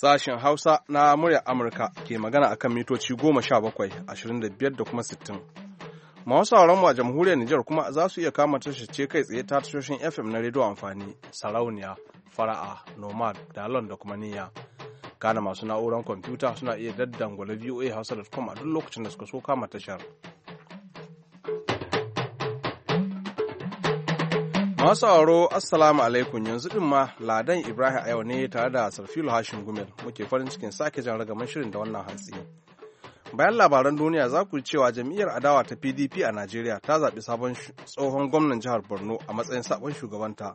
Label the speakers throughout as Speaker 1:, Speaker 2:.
Speaker 1: Sashen Hausa na muryar Amurka ke magana akan mitoci goma sha bakwai, ashirin da biyar da kuma sittin. Masu sauran a jamhuriyar Nijar kuma za su iya kama ce kai tsaye ta tashoshin FM na rediyo amfani, sarauniya, fara'a, nomad, dalon da kuma niyya. Kana masu na'urar kwamfuta suna iya daddangwale voa hausa.com a duk lokacin da suka so kama tashar. Masu auro Assalamu alaikum yanzu din ma Ladan Ibrahim a yau ne tare da Sarfilu Hashim Gumel muke farin cikin sake jan ragaman shirin da wannan hantsi. Bayan labaran duniya za ku cewa jam'iyyar adawa ta PDP a Najeriya ta zaɓi sabon tsohon gwamnan jihar Borno a matsayin sabon shugabanta.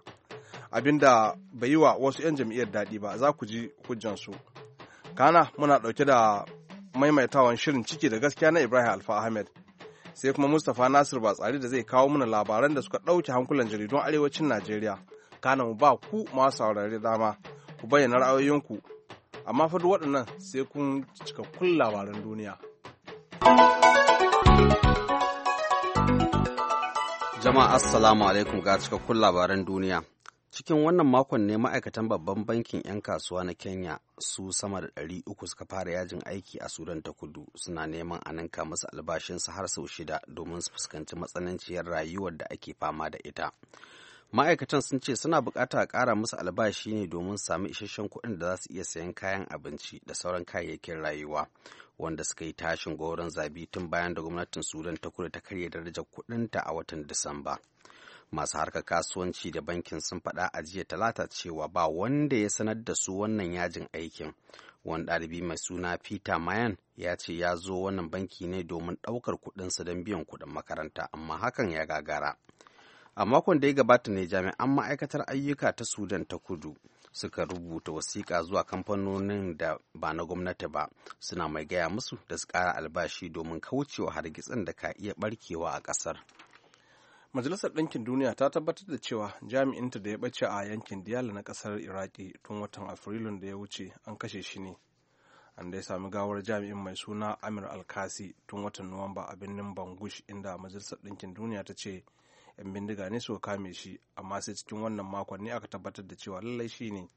Speaker 1: Abinda bai yi wa wasu 'yan jam'iyyar daɗi ba za ku ji hujjansu. Kana muna ɗauke da maimaitawan shirin ciki da gaskiya na Ibrahim Alfa Ahmed sai kuma mustapha nasir tsari da zai kawo mana labaran da suka ɗauke hankulan jaridun arewacin najeriya kana mu ba ku masu saurari dama ku bayyana ra'ayoyinku amma fa duk waɗannan sai kun cikakkun labaran duniya
Speaker 2: jama'a assalamu alaikum ga cikakkun labaran duniya cikin wannan makon ne ma'aikatan babban bankin 'yan kasuwa na kenya su sama da ɗari uku suka fara yajin aiki a sudan ta kudu suna neman a ninka musu albashinsu har sau shida domin su fuskanci matsananciyar rayuwar da ake fama da ita ma'aikatan sun ce suna bukata a ƙara musu albashi ne domin sami isasshen kuɗin da za su iya sayan kayan abinci da sauran kayayyakin rayuwa wanda suka yi tashin goron zabi tun bayan da gwamnatin sudan ta kudu ta karya darajar kuɗinta a watan disamba masu harkar kasuwanci da bankin sun faɗa a jiya talata cewa ba wanda ya sanar da su wannan yajin aikin wani ɗalibi mai suna peter mayan ya ce ya zo wannan banki ne domin ɗaukar kuɗinsa don biyan kuɗin makaranta amma hakan ya gagara a makon da ya gabata ne jami'an ma'aikatar ayyuka ta sudan ta kudu suka rubuta wasiƙa zuwa kamfanonin da ba na gwamnati ba suna mai gaya musu da su ƙara albashi domin kaucewa hargitsin da ka
Speaker 1: iya ɓarkewa a ƙasar. majalisar ɗinkin duniya ta tabbatar da cewa jami'inta da ya bace a yankin diyala na ƙasar iraki tun watan afrilun da ya wuce an kashe shi ne an dai sami gawar jami'in mai suna amir alkasi tun watan nuwamba a birnin bangush inda majalisar ɗinkin duniya ta ce 'yan bindiga ne suka kame shi amma sai cikin wannan makon ne aka tabbatar da cewa lallai shi ne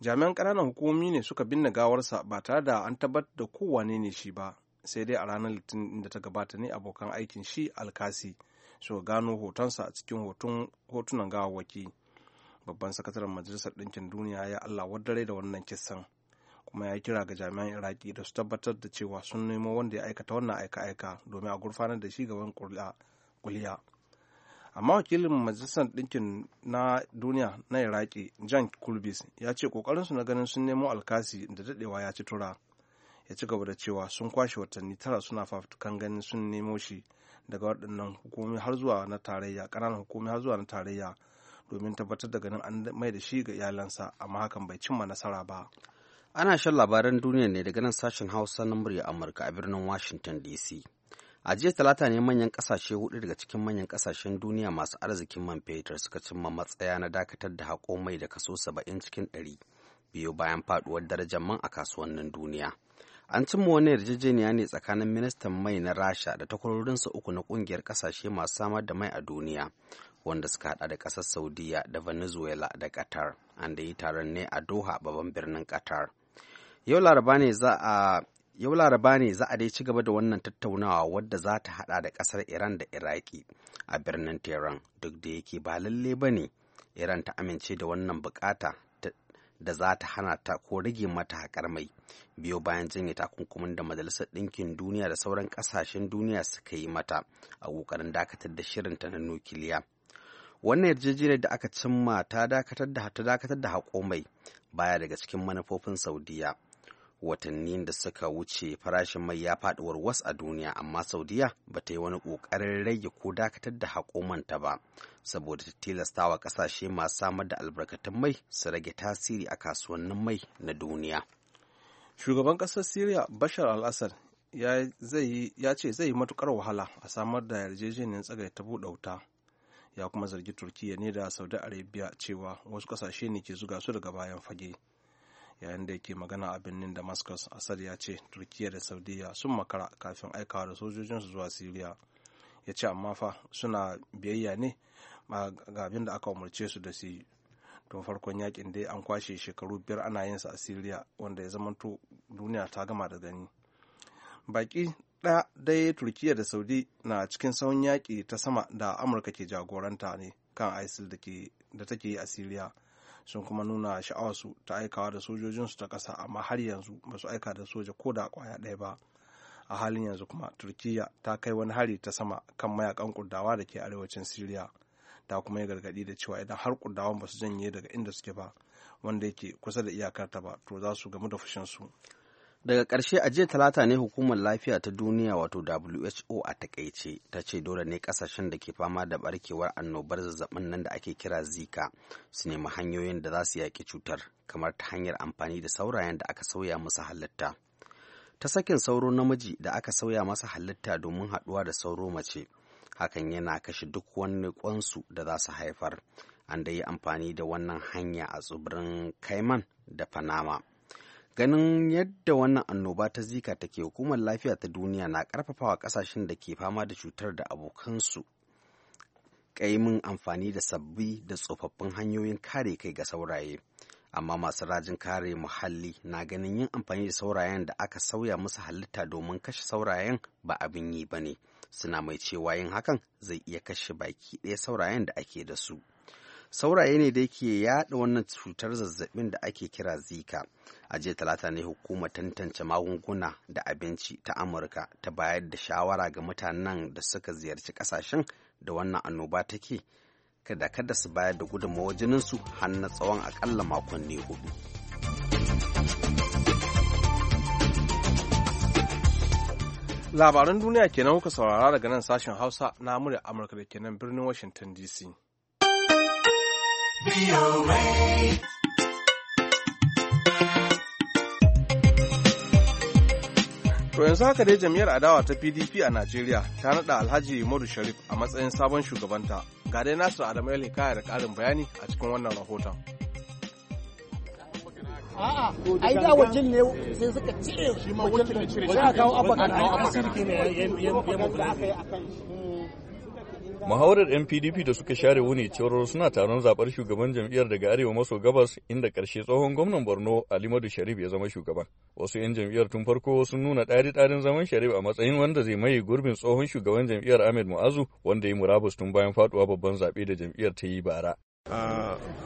Speaker 1: jami'an ƙananan hukumomi ne suka binne gawarsa ba tare da an tabbatar da kowane ne shi ba sai dai a ranar litinin da ta gabata ne abokan aikin shi alkasi suka gano hotonsa a cikin hotunan gawawwaki babban sakataren majalisar ɗinkin duniya ya allah wadare da wannan kisan kuma ya kira ga jami'an iraki da su tabbatar da cewa sun nemo wanda ya aikata wannan aika-aika domin a gurfanar da shi gaban kuliya amma wakilin majalisar ɗinkin na duniya na iraki john kulbis ya ce ƙoƙarinsu na ganin sun nemo alkasi da daɗewa ya ci tura ya ci gaba da cewa sun kwashe watanni tara suna fafutukan ganin sun nemo shi daga waɗannan hukumi har zuwa na tarayya ƙananan hukumi har zuwa na tarayya domin tabbatar da ganin an mai da shi ga iyalansa amma hakan bai cimma nasara ba ana shan
Speaker 2: labaran duniya ne daga nan sashen hausa na murya amurka a birnin washington dc a jiya talata ne manyan kasashe hudu daga cikin manyan kasashen duniya masu arzikin man fetur suka cimma matsaya na dakatar da hako mai da kaso saba'in cikin ɗari biyu bayan faɗuwar darajar man a kasuwannin duniya an cimma wani yarjejeniya ne tsakanin ministan mai na rasha da takwarorinsa uku na kungiyar kasashe masu samar da mai a duniya wanda suka hada da kasar saudiya da venezuela da qatar an da yi taron ne a doha babban birnin qatar yau laraba ne za a yau laraba dai ci gaba da wannan tattaunawa wadda za ta hada da kasar iran da iraki a birnin tehran duk da yake ba lalle ba ne iran ta amince da wannan bukata da za ta hana ta ko rage mata haƙar mai biyo bayan janye takunkumin da majalisar ɗinkin duniya da sauran ƙasashen duniya suka yi mata a ƙoƙarin dakatar da shirinta na nukiliya wannan yarjejeniyar da aka cimma ta dakatar da ta dakatar da haƙo mai baya daga cikin manufofin saudiya watanni da suka wuce farashin mai ya faɗi warwas a duniya amma saudiya ba ta yi wani ƙoƙarin rage ko dakatar da haƙomanta ba saboda ta tilasta wa ƙasashe masu samar da albarkatun mai su rage tasiri a kasuwannin mai na duniya
Speaker 1: shugaban ƙasar syria bashar al-assad ya ce zai yi matuƙar wahala a samar da yarjejeniyar ta buɗe wuta ya kuma zargi Turkiyya ne da saudi arabia cewa wasu ƙasashe ne ke zuga su daga bayan fage yayin da yake magana a birnin damascus asad ya ce turkiyya da saudiya sun makara kafin aikawa da sojojinsu zuwa syria ya ce amma fa suna biyayya ne ga abin da aka umarce su da su yi don farkon yakin dai an kwashe shekaru biyar ana yin sa a syria wanda ya zamanto duniya ta gama da gani baki ɗaya dai turkiya da saudi na cikin sauyin yaƙi ta sama da amurka ke jagoranta ne kan isil da take yi a syria sun kuma nuna sha'awarsu ta aikawa da sojojinsu ta ƙasa amma har yanzu ba su aika da soja ko da kwaya ɗaya ba a halin yanzu kuma turkiyya ta kai wani hari ta sama kan mayakan kurdawa da ke arewacin siriya ta kuma yi gargaɗi da cewa idan har kurdawan ba su janye daga inda suke ba wanda yake kusa da iyakar ta ba to za su gamu da fushinsu. su
Speaker 2: daga ƙarshe a jiya talata ne hukumar lafiya ta duniya wato who a takaice ta ce dole ne ƙasashen da ke fama da barkewar annobar zazzabin nan da ake kira zika su nemi hanyoyin da za su yaƙi cutar kamar ta hanyar amfani da saurayen da aka sauya musu halitta ta sakin sauro namiji da aka sauya masa halitta domin haɗuwa da sauro mace hakan yana kashe duk wani kwansu da za su haifar an da yi amfani da wannan hanya a tsibirin kaiman da panama ganin yadda wannan annoba ta zika take hukumar lafiya ta duniya na karfafawa ƙasashen da ke fama da cutar da abokansu kaimin amfani da sabbi da tsofaffin hanyoyin kare kai ga sauraye amma masu rajin kare muhalli na ganin yin amfani da saurayen da aka sauya musu halitta domin kashe saurayen ba abin yi ba ne suna mai cewa yin hakan zai iya kashe baki ɗaya saurayen da ake da su. sauraye ne da yake yaɗa wannan cutar zazzabin da ake kira zika a jiya talata ne hukumar tantance magunguna da abinci ta amurka ta bayar da shawara ga mutanen da suka ziyarci kasashen da wannan annoba take kada kada su bayar da gudunmawar jininsu har na tsawon akalla makonni hudu
Speaker 1: labaran duniya kenan kuka saurara daga nan sashen hausa na murya amurka da kenan birnin washington dc To yanzu haka dai jam'iyyar adawa ta PDP a Najeriya ta naɗa Alhaji Umaru Sharif a matsayin sabon shugabanta. Ga dai Nasir Adamu ya hikaya da ƙarin bayani a cikin wannan rahoton.
Speaker 3: A'a, ai da wajen ne sai suka cire shi ma wajen da cire shi. Za a kawo abakar a ne ya mafi da aka yi
Speaker 1: a kan
Speaker 4: shi.
Speaker 5: Muhawarar 'yan da suka share wuni cewar suna taron zaɓar shugaban jam'iyyar daga arewa maso gabas inda karshe tsohon gwamnan Borno Alimadu Sharif ya zama shugaban. Wasu 'yan jam'iyyar tun farko sun nuna ɗari-ɗarin zaman Sharif a matsayin wanda zai maye gurbin tsohon shugaban jam'iyyar Ahmed Mu'azu wanda ya murabus tun bayan faduwa babban zaɓe da jam'iyyar ta yi bara.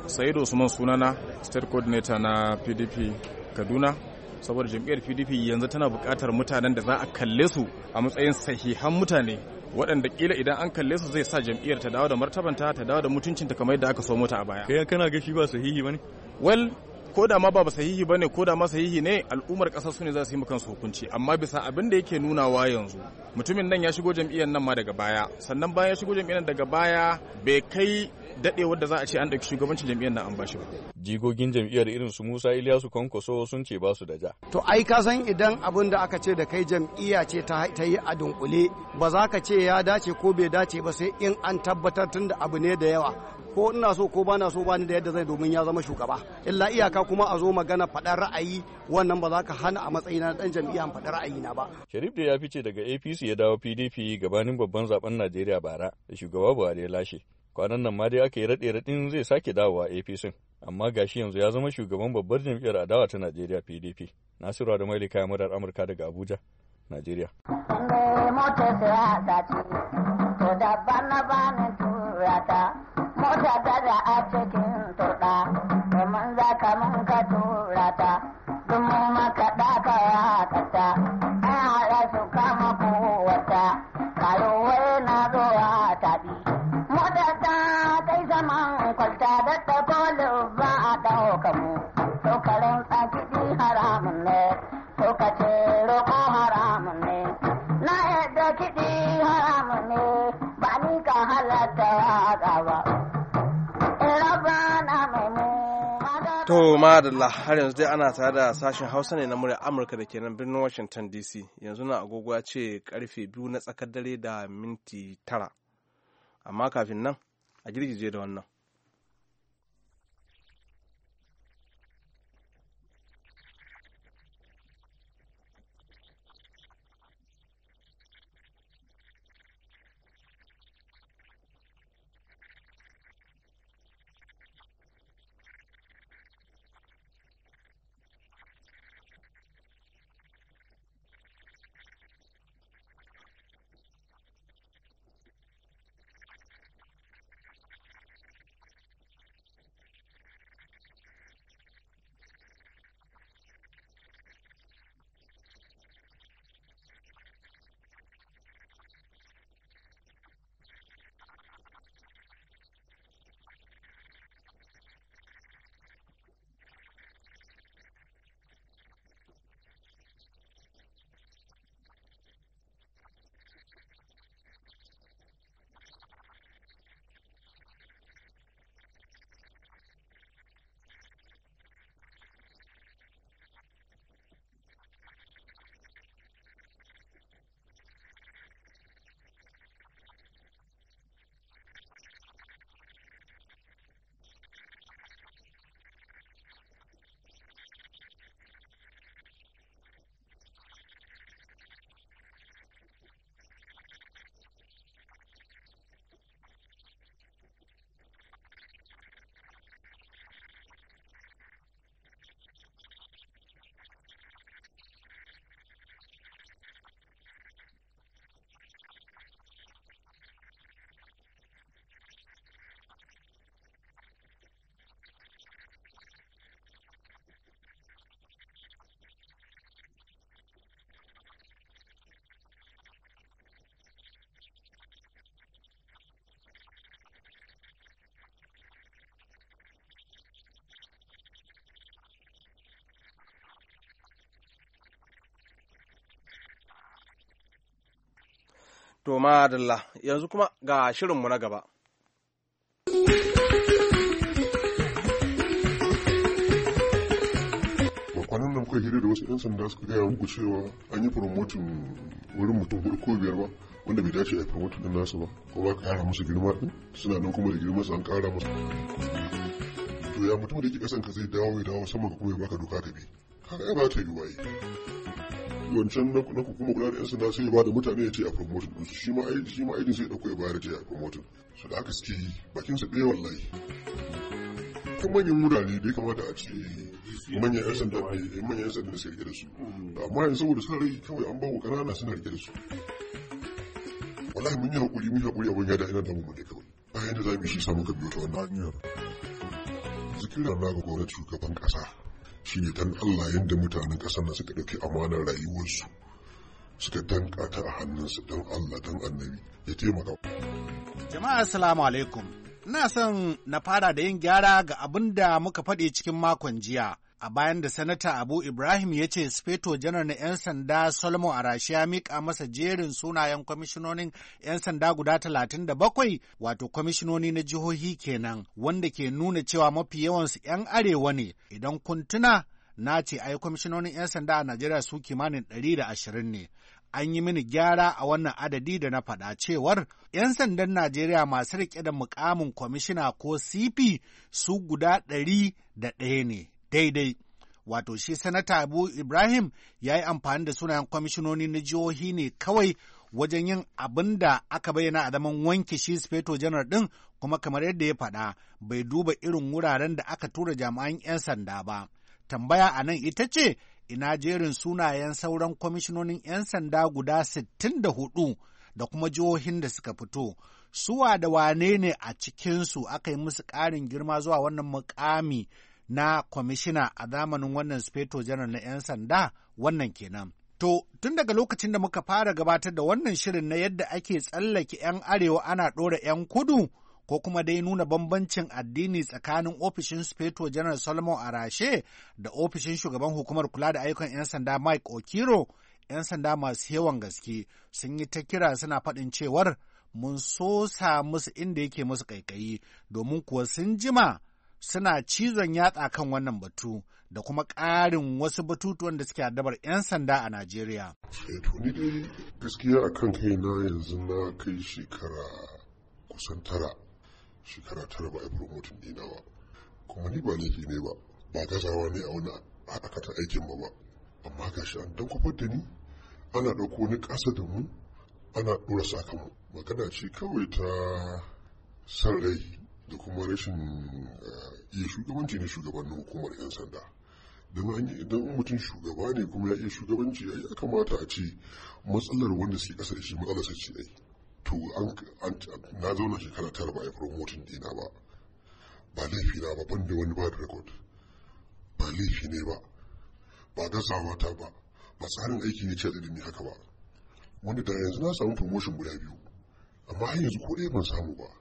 Speaker 5: Sayid Usman sunana state coordinator na PDP Kaduna
Speaker 1: saboda jam'iyyar PDP yanzu tana buƙatar mutanen da za a kalle su a matsayin sahihan mutane waɗanda kila idan an kalle su zai sa jam'iyyar ta dawo da martabanta ta dawo da mutuncinta kamar yadda aka so mota a baya kai kana gashi ba sahihi bane well ko da ma ba sahihi bane ko da ma sahihi ne al'ummar ƙasar su ne za su yi kansu hukunci amma bisa abin da yake nunawa yanzu mutumin nan ya shigo jam'iyyar
Speaker 5: nan ma daga baya sannan bayan ya shigo jam'iyyar daga baya bai kai dadewar wadda za a ce an ɗauki shugabancin jam'iyyar na an bashi ba. Jigogin jam'iyyar irin su Musa Ilyasu Kwankwaso sun ce ba su da ja.
Speaker 3: To ai ka san idan abin da aka ce da kai jam'iyya ce ta yi a dunkule ba za ka ce ya dace ko bai dace ba sai in an tabbatar tun da abu ne da yawa ko ina so ko bana so bani da yadda zai domin ya zama shugaba illa iyaka kuma a zo magana faɗar ra'ayi wannan ba za ka hana a matsayina na ɗan jam'iyya faɗar na ba.
Speaker 5: Sharif da ya fice daga APC ya dawo PDP gabanin babban zaben Najeriya bara da shugaba Buhari ya lashe. kwanan nan ma dai aka yi raɗe raɗin zai sake dawowa apc amma gashi yanzu ya zama shugaban babbar jam'iyyar adawa ta najeriya pdp nasiru da mailika ya murar amurka daga abuja najeriya
Speaker 4: mota ta da a cikin turɗa domin za ka mun ka tura ta domin maka ɗaka ya kata an haɗa su kama kowata kayo wai na zuwa tokarin tsaki haramun ne tokace roƙo haramun ne na yadda kiɗi haramun ne ba ni ka halatta waƙa ba
Speaker 1: To madalla har yanzu dai ana tare da sashen Hausa ne na murya Amurka da ke nan birnin Washington DC yanzu na agogo ce karfe biyu na tsakar dare da minti tara amma kafin nan a girgije da wannan. To madalla yanzu kuma ga shirinmu na gaba.
Speaker 6: kwanan nan kuka hira da wasu 'yan sanda suka gaya muku cewa an yi promotin wurin mutum hudu ko biyar ba wanda bai dace a promotin din nasu ba ko ba kara musu girma din suna nan kuma da girma su an kara musu to ya mutum da yake kasan ka zai dawo ya dawo sama ka kuma ya baka doka ka bi ka ya ba ta yi waye wancan na kuma kula da yan sanda sai ya bada mutane ya ce a promotion ɗinsu shi ma aiki shi ma aikin sai ya ɗauko ya bayar ya ce a promotion su da aka suke yi bakin su ɗaya wallahi kan manyan wurare da ya kamata a ce manyan yan sanda eh, manyan yan sanda suke da su amma yanzu saboda suna rage kawai an bawa ƙanana suna rike da su wallahi mun yi hakuri mun yi hakuri abin ya da ina damu mu ne kawai bayan da za mu yi shi samu ka biyo ta wannan hanyar zikirar na ga gwamnati shugaban ƙasa shine dan Allah yadda mutanen ƙasar nan suka ɗauki amanar rayuwarsu suka tankata ta a hannunsu don Allah don annabi ya taimaka.
Speaker 3: Jama'a assalamu alaikum. Ina son na fara da yin gyara ga abin da muka faɗi cikin makon jiya a bayan da Sanata Abu Ibrahim ya ce Speto janar na 'yan sanda a Arashi ya miƙa masa jerin sunayen kwamishinonin 'yan sanda guda 37 wato kwamishinoni na jihohi kenan wanda ke nuna cewa mafi yawansu 'yan arewa ne idan kun tuna na ce ai kwamishinonin 'yan sanda a Najeriya su kimanin 120 ne. An yi mini gyara a wannan adadi da na faɗa cewar 'yan sandan Najeriya masu riƙe da mukamin kwamishina ko CP su guda ɗari da ɗaya ne. daidai. Wato shi Sanata Abu Ibrahim ya yi amfani da sunayen kwamishinoni na jihohi ne kawai wajen yin abin da aka bayyana a zaman wanke shi Speto Janar ɗin kuma kamar yadda ya faɗa bai duba irin wuraren da aka tura jami'an 'yan sanda ba. Tambaya a nan ita ce ina jerin sunayen sauran kwamishinonin 'yan sanda guda 64 da kuma jihohin da suka fito. Suwa da wane ne a cikinsu aka yi musu ƙarin girma zuwa wannan mukami na kwamishina a zamanin wannan speto janar na 'yan sanda wannan kenan. To, tun daga lokacin da muka fara gabatar da wannan shirin na yadda ake tsallake 'yan arewa ana ɗora 'yan kudu, ko kuma dai nuna bambancin addini tsakanin ofishin speto janar Solomon Arashe da ofishin shugaban hukumar kula da ayyukan 'yan sanda Mike Okiro, 'yan sanda masu yawan gaske sun yi ta kira suna faɗin cewar mun sosa musu inda yake musu kaikayi domin kuwa sun jima suna cizon yatsa kan wannan batu da kuma ƙarin wasu batutuwan da suke adabar 'yan sanda a Najeriya. Eh, ni dai
Speaker 6: gaskiya a kan na yanzu na kai shekara kusan tara shekara tara ba a promotin dina ba kuma ni ba laifi ne ba ba gazawa ne a wani haɗakatan aikin ba ba amma ga shi an dan kwafar da ni ana ɗauko ni ƙasa da mu ana ɗora sakamu magana ce kawai ta san rai da kuma rashin eh, iya shugabanci na shugabannin hukumar 'yan sanda don idan mutum shugaba ne kuma ya iya shugabanci ya kamata a ce matsalar wanda suke kasa da shi matsalar ce to na zauna shekara tara ba a yi promotin dina ba ba laifi na ba ban da wani ba da record ba laifi ne ba ba gazawa ta ba ba tsarin aiki ne ce da ni haka ba wanda da yanzu na samu promotion guda biyu amma har yanzu ko ɗaya ban samu ba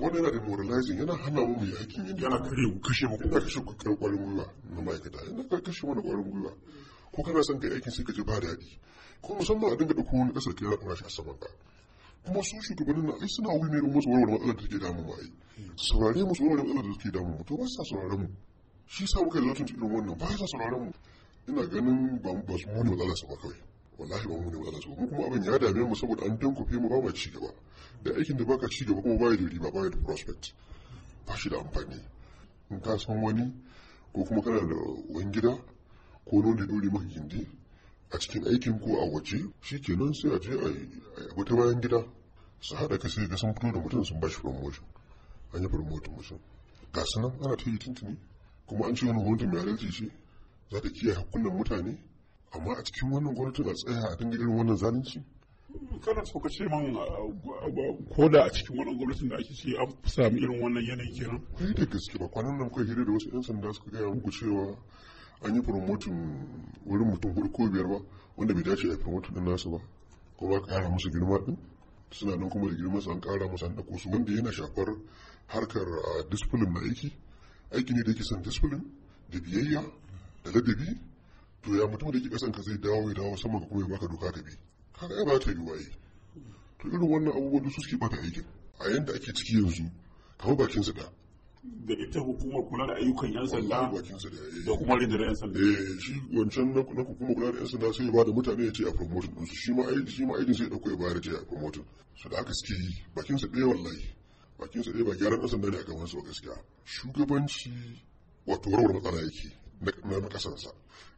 Speaker 6: wani yana demoralizing yana hana mu mai aikin yin yana kare mu kashe mu kuma kashe ku kare kwarin gwiwa na ma'aikata yana kare kashe mana kwarin gwiwa ko kana son kai aikin sai ka ji ba daɗi ko musamman a dinga ɗauko wani ƙasar kira kuma shi a saman ka kuma su shugabannin na ai suna wuri mai musu warware matsalar da take damun mu ai saurare musu warware matsalar da take damun mu to ba sa saurare mu shi sa muka yi lalatin cikin wannan ba sa saurare mu ina ganin ba su mu ne matsalar sa ba kawai wallahi ba mu ne matsalar su kuma abin ya dame mu saboda an dankofe mu ba ma ci gaba da aikin da baka ci gaba kuma ba da riba ba da prospect ba shi da amfani in ka san wani ko kuma kana da wani gida ko nuna dole maka gindi a cikin aikin ko a waje shi ke nan sai a je a yi wata bayan gida su haɗa ka sai ga sun fito da mutum sun ba shi promotion an yi promotion mutum ga sunan ana ta yi tuntuni kuma an ce wani hoton mai halarci ce za ta kiyaye hakkunan mutane amma a cikin wannan gwamnati ba tsaya a dinga irin wannan zalunci kana so ka ce man ko da a cikin wannan gwamnatin da ake ce an sami irin wannan yanayi kenan kai da gaske ba kwanan nan kai hira da wasu yan sanda suka gaya muku cewa an yi promotin wurin mutum hudu ko biyar ba wanda bai dace a promotin din nasu ba ba ka ƙara musu girma din suna nan kuma da girma su an kara musu an dako su wanda yana shafar harkar discipline na aiki aiki ne da yake son discipline da biyayya da ladabi to ya mutum da ke kasan ka zai dawo ya dawo sama ka kuma ya baka doka ka bi ka ya ba ta yi waye to irin wannan da su suke bata aikin a yanda ake ciki yanzu kamar bakin su da da ita hukumar kula da ayyukan yan sanda eh. da kuma rindirar yan sanda eh shi wancan na hukumar kula da yan sanda sai ya bada mutane ya ce a promotion din su shi ma aiki shi ma aikin sai ya dauko ya bayar ya ce a promotion su da aka suke yi bakin su ɗaya wallahi bakin su ɗaya ba gyaran yan sanda ne a gaban su gaskiya shugabanci wato warware matsala yake na kasansa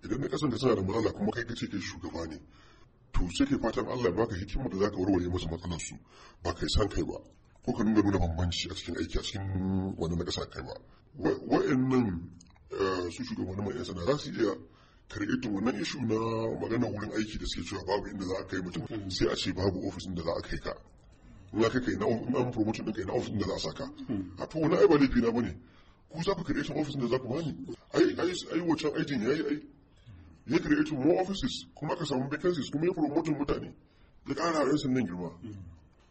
Speaker 6: idan na kasan da suna da matsala kuma kai kace kai shugaba ne to sai kai fatan Allah ya baka hikima da zaka warware musu matsalar su ba kai san kai ba ko ka nuna nuna bambanci a cikin aiki a cikin wannan na kasa kai ba wa'annan eh, su shugabanni mai yasa za su iya karɓi wannan ishu na magana wurin aiki da suke cewa babu inda za a kai mutum sai a ce babu ofis da za a kai ka na kai kai na an promotion din kai na ofis da za a saka hmm. a to wani ai ba laifi na bane ku za ku karɓi ofis da za ku bani ai wancan aikin ya yi ai ya creating more offices kuma aka samu vacancies kuma ya promoting mutane ya ƙara yan nan girma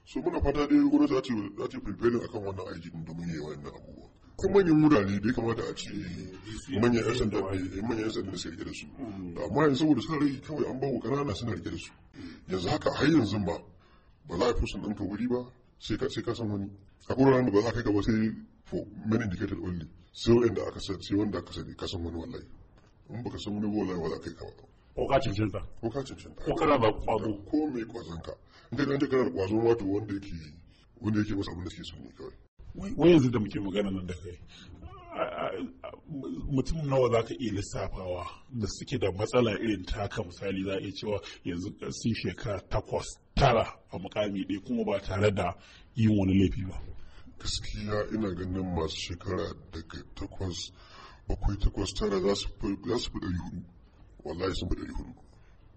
Speaker 6: so muna fata dai gwamnati za ta za ta prevailing akan wannan aikin domin yayi wannan abubuwa kuma manyan wurare da ya kamata a ce manyan yan sanda eh, manyan yan sanda su rike da su amma yanzu saboda suna rage kawai an bawa ƙanana suna rike da su yanzu haka har yanzu ba ba za a fi sun ɗanka wuri ba sai ka san wani kuma ranar da ba za ka gaba sai for many indicated only sai wanda aka san sai wanda aka sani ka san wani wallahi in baka san wani wallahi ba za ka yi gaba ko ka cancanta ko ka ta. ko kana da kwazo ko me kwazon ka in ka ganta kana da kwazo wato wanda yake wanda yake masa abin da suke so ne
Speaker 4: kawai wai yanzu da
Speaker 6: muke magana nan da kai mutum nawa za ka iya lissafawa da suke da matsala irin taka misali za a iya cewa yanzu sun shekara takwas tara a mukami ɗaya kuma ba tare da yin wani laifi ba gaskiya ina ganin masu shekara daga takwas bakwai takwas tara za su fi ɗari hudu wallahi sun fi ɗari hudu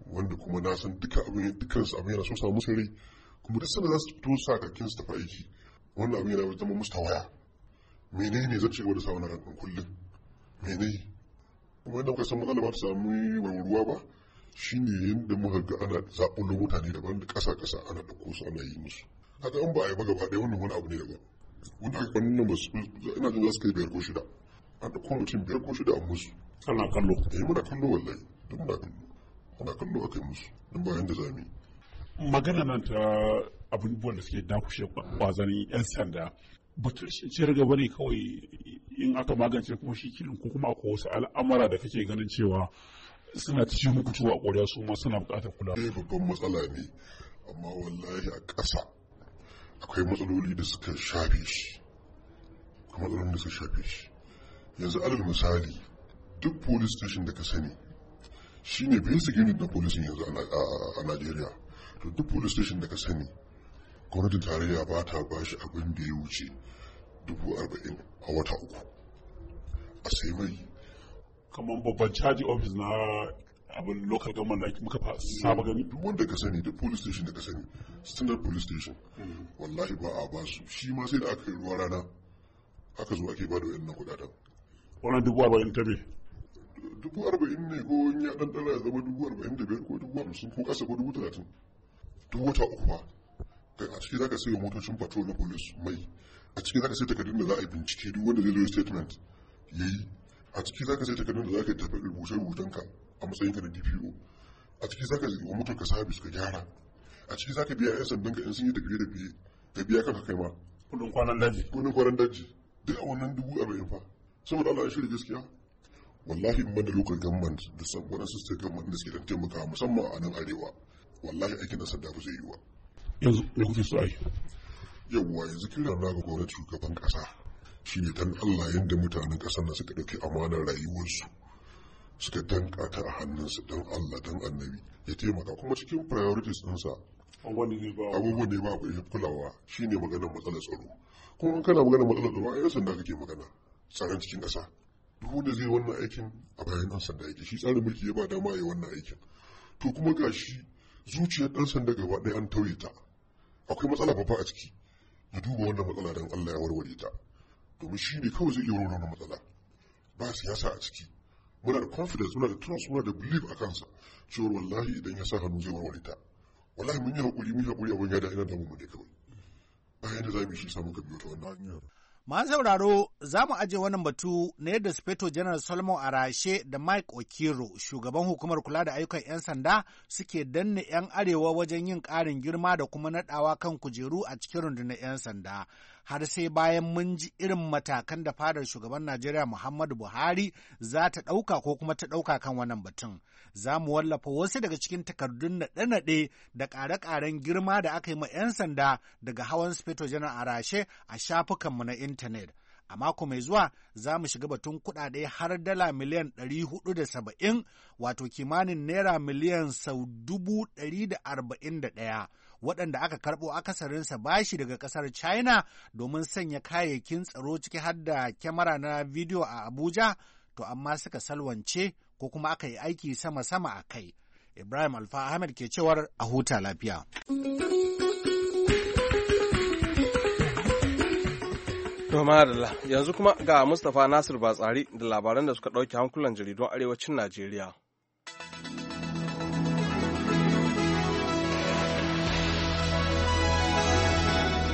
Speaker 6: wanda kuma na san duka abin su abin yana so samu sirri kuma duk sanda za su fito sakakin su tafi aiki wannan abin yana zama musu tawaya menene zai cigaba da sa wani ranar kullum menene kuma yadda kuka san matsala ba ta sami warwarwa ba shine yadda muka ga ana zaɓin mutane daban da ƙasa-ƙasa ana ɗauko su ana yi musu haka an ba a yi ba gaba ɗaya wannan wani abu ne daban wanda aka kwanin nan basu ina jin za su kai biyar ko shida an ɗauko mutum biyar ko shida a musu ana kallo eh muna kallo wallahi duk muna kallo muna kallo aka yi musu don bayan da zami magana nan ta abubuwan da suke dakushe kwazan yan sanda shi ci riga ne kawai in aka magance kuma shi kilin ko kuma akwai wasu al'amara da kake ganin cewa suna ci muku tuwa a ƙwarya su ma suna buƙatar kula. Ne eh, babban matsala ne amma wallahi a ƙasa akwai matsaloli da suka shafe shi akwai matsalolin da suka shafe shi yanzu alal misali duk police station da ka sani shine basic unit na police yanzu a Najeriya to duk police station da ka sani gwamnatin tarayya ba ta ba shi abin da ya wuce dubu arba'in a wata uku a sai mai kamar babban caji office na abin local government da muka saba gani duk da ka sani da police station da ka sani standard police station wallahi ba a ba su shi ma sai da aka yi ruwa rana aka zo ake ba da wani kudaden wannan dubu arba'in ta me dubu arba'in ne ko in ya dan dala ya zama dubu arba'in da biyar ko dubu hamsin ko kasa ko dubu talatin duk wata uku ba a ciki za ka motocin patrol na police mai a ciki za ka sai takardun da za a yi bincike duk wanda zai zo statement ya yi a ciki za ka sai takardun da za ka yi tafi rubuce ka a matsayinka na dpo a ciki za ka yi wa motar ka sabis ka gyara a ciki za ka biya 'yan ka in sun yi tafiye da biye ka biya kanka kai ma kudin kwanan daji kudin kwanan daji duk a wannan dubu arba'in fa saboda allah ya shirya gaskiya wallahi in bada local government da sabuwar assistant government da suke dan taimaka musamman a nan arewa wallahi aikin da sadda ba zai yi wa yanzu me kuke so a yi yawwa yanzu na ga gwamnati shugaban kasa shine dan Allah yanda mutanen kasar nan suka dauki amanar rayuwarsu suka danka ta a hannunsu dan Allah dan annabi ya taimaka kuma cikin priorities ɗinsa abubuwan da ba a kulawa shine maganar matsalar tsaro kuma kana maganar matsalar tsaro a yan sanda kake magana tsaron cikin ƙasa duk wanda zai wannan aikin a bayan ɗan sanda yake shi tsarin mulki ya ba dama ya wannan aikin to kuma gashi zuciyar ɗan sanda gaba ɗaya an tauye ta akwai matsala babba a ciki ya duba wannan matsala don Allah ya warware ta domin shi ne kawai zai iya warware wannan matsala ba siyasa a ciki muna da confidence muna da trust muna da belief a kansa cewa wallahi idan ya sa hannu zai warware ta wallahi mun yi hakuri mun yi hakuri abin ya da ina da mu ne kawai bayan da zamu shi samu ka ta wannan
Speaker 3: Masu sauraro za mu aje wannan batu na yadda Sufeto Janar Solomon Arashe da Mike Okiro, shugaban hukumar kula da ayyukan 'yan sanda, suke danne 'yan arewa wajen yin ƙarin girma da kuma naɗawa kan kujeru a cikin rundunar 'yan sanda. Har sai bayan mun ji irin matakan da fadar shugaban Najeriya Muhammadu Buhari za ta ɗauka ko kuma ta ɗauka kan wannan batun. za mu wallafa wasu daga cikin takardun naɗe-naɗe da ƙare-ƙaren girma da aka yi ma 'yan sanda daga hawan speto a rashe a shafukanmu na intanet. a mako mai zuwa za mu shiga batun kuɗaɗe har dala miliyan 470 wato kimanin naira miliyan sau ɗaya waɗanda aka karɓo akasarinsa bashi daga ƙasar china domin sanya kayayyakin tsaro ciki har da kyamara na bidiyo a abuja to amma suka salwance ko kuma aka yi aiki sama-sama a kai. Ibrahim Alfa Ahmed ke cewar a huta lafiya.
Speaker 1: yanzu kuma ga Mustapha Nasir Batsari da labaran da suka ɗauki hankulan jaridun arewacin Najeriya.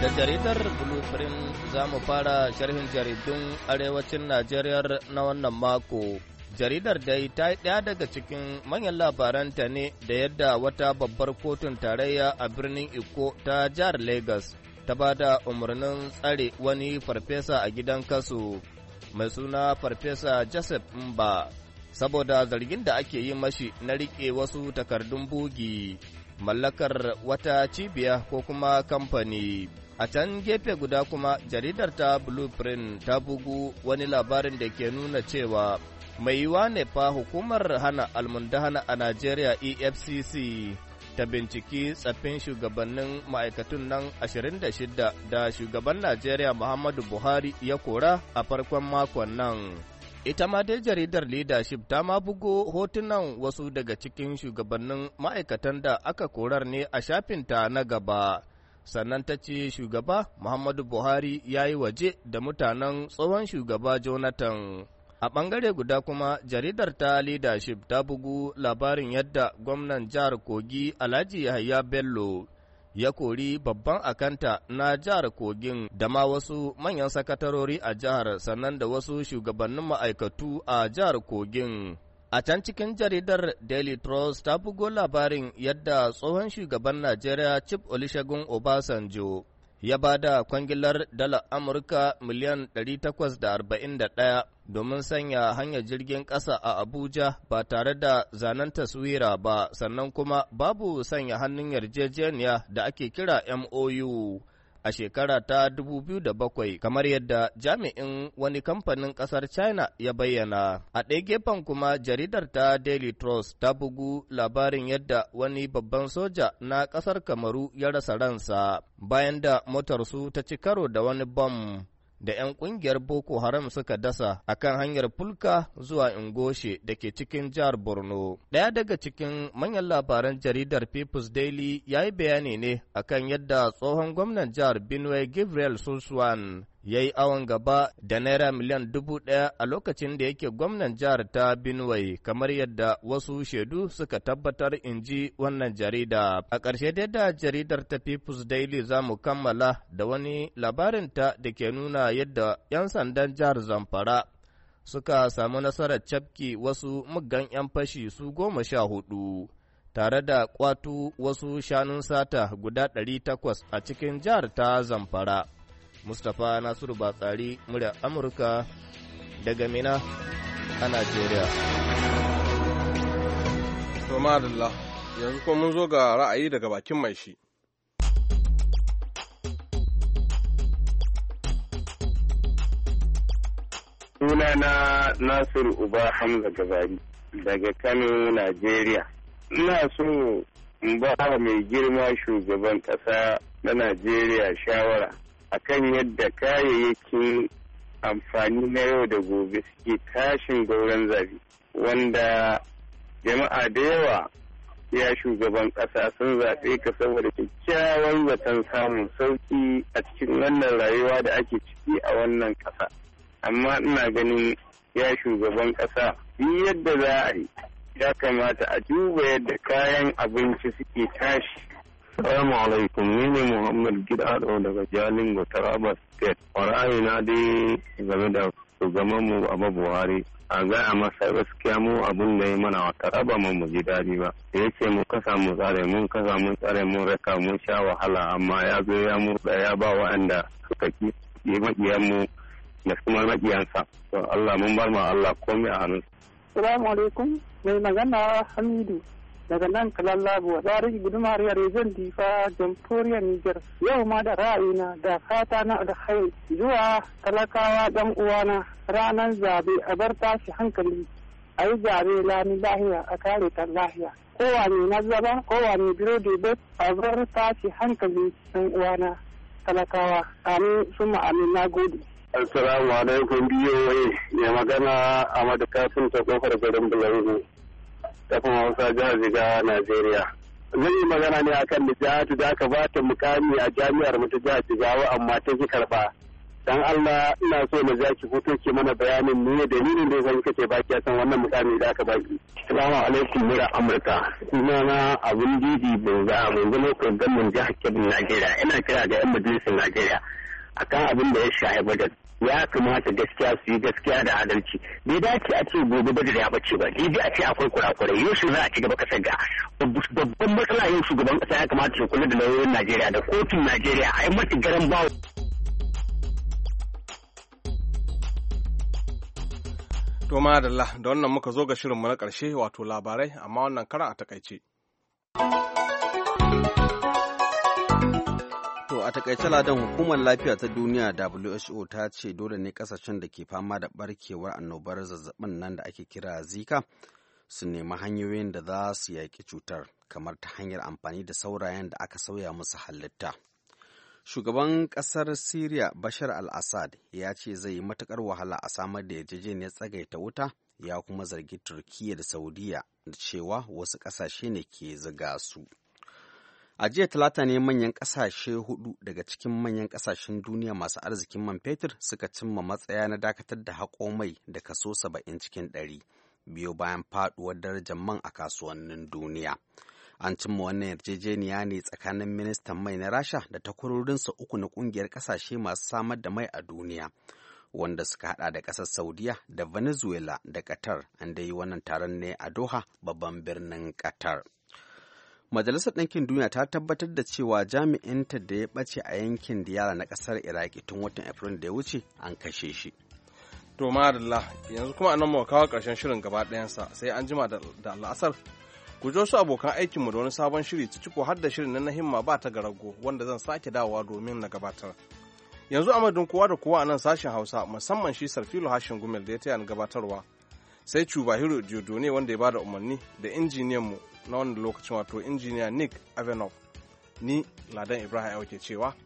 Speaker 5: Da jaridar Blueprint za mu fara sharhin jaridun arewacin Najeriya na wannan mako. jaridar dai ta yi ɗaya daga cikin manyan labaranta ne da yadda wata babbar kotun tarayya a birnin iko ta jihar lagos ta ba da umarnin tsare wani farfesa a gidan kasu mai suna farfesa joseph mba saboda zargin da ake yi mashi na riƙe wasu takardun bugi mallakar wata cibiya ko kuma kamfani. A can gefe guda kuma jaridar ta Blueprint ta bugu wani labarin da ke nuna cewa mai yiwa ne fa hukumar hana almundahana a Najeriya EFCC ta binciki tsaffin shugabannin ma'aikatun nan 26 da shugaban Najeriya Muhammadu Buhari ya kora a farkon makon nan. Ita ma dai jaridar leadership ta ma bugo hotunan wasu daga cikin shugabannin ma'aikatan da aka korar ne a shafinta na gaba, sannan ta ce shugaba Muhammadu Buhari ya yi waje da mutanen tsohon shugaba Jonathan. A ɓangare guda kuma jaridar ta leadership ta bugu labarin yadda gwamnan jihar Kogi Alhaji Yahaya Bello ya kori babban akanta na jihar Kogin da ma wasu manyan sakatarori a jihar sannan da wasu shugabannin ma'aikatu a jihar Kogin. A can cikin jaridar Daily Trust ta bugo labarin yadda tsohon shugaban Najeriya Chief Olusegun Obasanjo ya ba da kwangilar dala Amurka miliyan 841 domin sanya hanyar jirgin ƙasa a Abuja ba tare da zanen taswira ba sannan kuma babu sanya hannun yarjejeniya da ake kira MOU a shekara ta 2007 kamar yadda jami'in wani kamfanin kasar China ya bayyana. A ɗaya gefen kuma jaridar ta Daily Trust ta bugu labarin yadda wani babban soja na kasar Kamaru ya rasa ransa bayan da motarsu ta ci karo da wani bom da 'yan ƙungiyar Boko Haram suka dasa a kan hanyar Fulka zuwa Ingoshe da ke cikin jihar Borno. Ɗaya daga cikin manyan labaran jaridar People's Daily ya yi bayani ne akan yadda tsohon gwamnan jihar Benue Gabriel Suswan ya yi awon gaba da naira miliyan dubu ɗaya a lokacin da yake gwamnan jihar ta Benue kamar yadda wasu shaidu suka tabbatar in ji wannan jarida. A ƙarshe dai da jaridar ta People's Daily za mu kammala da wani labarinta da ke nuna yadda 'yan sandan jihar Zamfara suka samu nasarar cafke wasu muggan 'yan fashi su goma sha hudu. tare da kwatu wasu shanun sata guda 800 a cikin jihar ta Zamfara. Mustapha Nasiru Batsari murya Amurka daga Mina a Najeriya.
Speaker 1: yanzu kuma mun zo ga ra'ayi daga bakin mai shi.
Speaker 4: Sunana Nasiru Uba Hamza Gabari daga Kano, Najeriya. Ina so in ba mai girma shugaban ƙasa na Najeriya shawara akan yadda kayayyakin amfani na yau da gobe suke tashin gauran zabi wanda jama'a da yawa ya shugaban ƙasa sun zaɓe ka saboda kyakkyawan zaton samun sauƙi a cikin wannan rayuwa da ake ciki a wannan ƙasa amma ina ganin ya shugaban ƙasa bi yadda za a yi ya kamata a duba yadda kayan abinci suke tashi Assalamu alaikum ni ne Muhammad Gidado daga Jalingo Taraba State. na dai game da shugaban mu Abu Buhari a gaya masa gaskiya mu abin da ya mana wa Taraba mu mu ji dadi ba. ya ce mu kasa mu tsare mun kasa mun tsare mun raka mun sha wahala amma ya zo ya murɗa ya ba waanda suka ki maƙiyan mu da kuma maƙiyansa. Allah mun bar ma Allah komai a hannun. Assalamu alaikum mai magana Hamidu daga nan a tsarin gudumar yare zan difa jamhuriyar niger yau ma da ra'ayina da fata na alhain zuwa talakawa dan uwana ranar zabe a bar tashi hankali a yi zabe lami lahiya a kare ta lahiya kowane na zaba kowane bai a bar tashi hankali dan uwana talakawa amin suma amin na gode Assalamu alaikum biyo ne magana a sun ta kofar garin Bulangu. kafin hausa jihar a najeriya zan yi magana ne akan da jihatu da aka ba ta mukami a jami'ar mu ta jihar jigawa amma ta ki karba dan allah ina so na ja ki fito ki mana bayanin ne dalilin da yasa kike baki san wannan mukami da aka baki assalamu alaikum mura amurka Kuma na abun didi a mun zama kogan mun jihar kebbi najeriya ina kira ga yan majalisar najeriya akan abin da ya shahi budget ya kamata gaskiya su yi gaskiya da adalci bai dace a ce gobe ba ya bace ba jibi a ce akwai kurakurai yau shi za a ci gaba kasar ga babban matsala yau shugaban kasa ya kamata ya kula da lauyoyin najeriya da kotun najeriya a yi mata garan bawo
Speaker 1: To madalla da wannan muka zo ga shirinmu na karshe wato labarai amma wannan karan a takaice. a takaice
Speaker 2: ladan hukumar lafiya ta duniya WHO ta ce dole ne kasashen da ke fama da barkewar annobar zazzabin nan da ake kira Zika su nemi hanyoyin da za su yaƙi cutar kamar ta hanyar amfani da saurayen da aka sauya musu halitta. Shugaban ƙasar Syria Bashar al-Assad ya ce zai yi matuƙar wahala a samar da yarjejeniyar tsagaita wuta ya kuma zargi Turkiyya da Saudiya da cewa wasu ƙasashe ne ke ziga su. A jiya talata ne manyan ƙasashe hudu daga cikin manyan ƙasashen duniya masu arzikin man fetur suka cimma matsaya na dakatar da haƙo mai da kaso saba'in cikin ɗari biyo bayan faɗuwar darajar man a kasuwannin duniya. An cimma wannan yarjejeniya ne tsakanin ministan mai na Rasha da takwarorinsa uku na ƙungiyar ƙasashe masu samar da mai a duniya. wanda suka hada da ƙasar Saudiya da Venezuela da Qatar an dai yi wannan taron ne a Doha babban birnin Qatar. majalisar ɗinkin duniya ta tabbatar da cewa jami'inta da ya ɓace a yankin diyara na ƙasar iraki tun watan afrilu da ya wuce an kashe shi to madalla
Speaker 1: yanzu kuma anan mawa kawo ƙarshen shirin gaba ɗayansa sai an jima da al'asar ku ji wasu abokan aikinmu da wani sabon shiri ciko har da shirin na himma ba ta garago wanda zan sake dawowa domin na gabatar yanzu amadun kowa da kowa a nan sashen hausa musamman shi sarfilo hashin gumel da ya taya gabatarwa sai cuba hiro ne wanda ya bada umarni da injiniyan mu. na wannan lokacin wato injiniya nick avenov ni ladan ibrahim ke cewa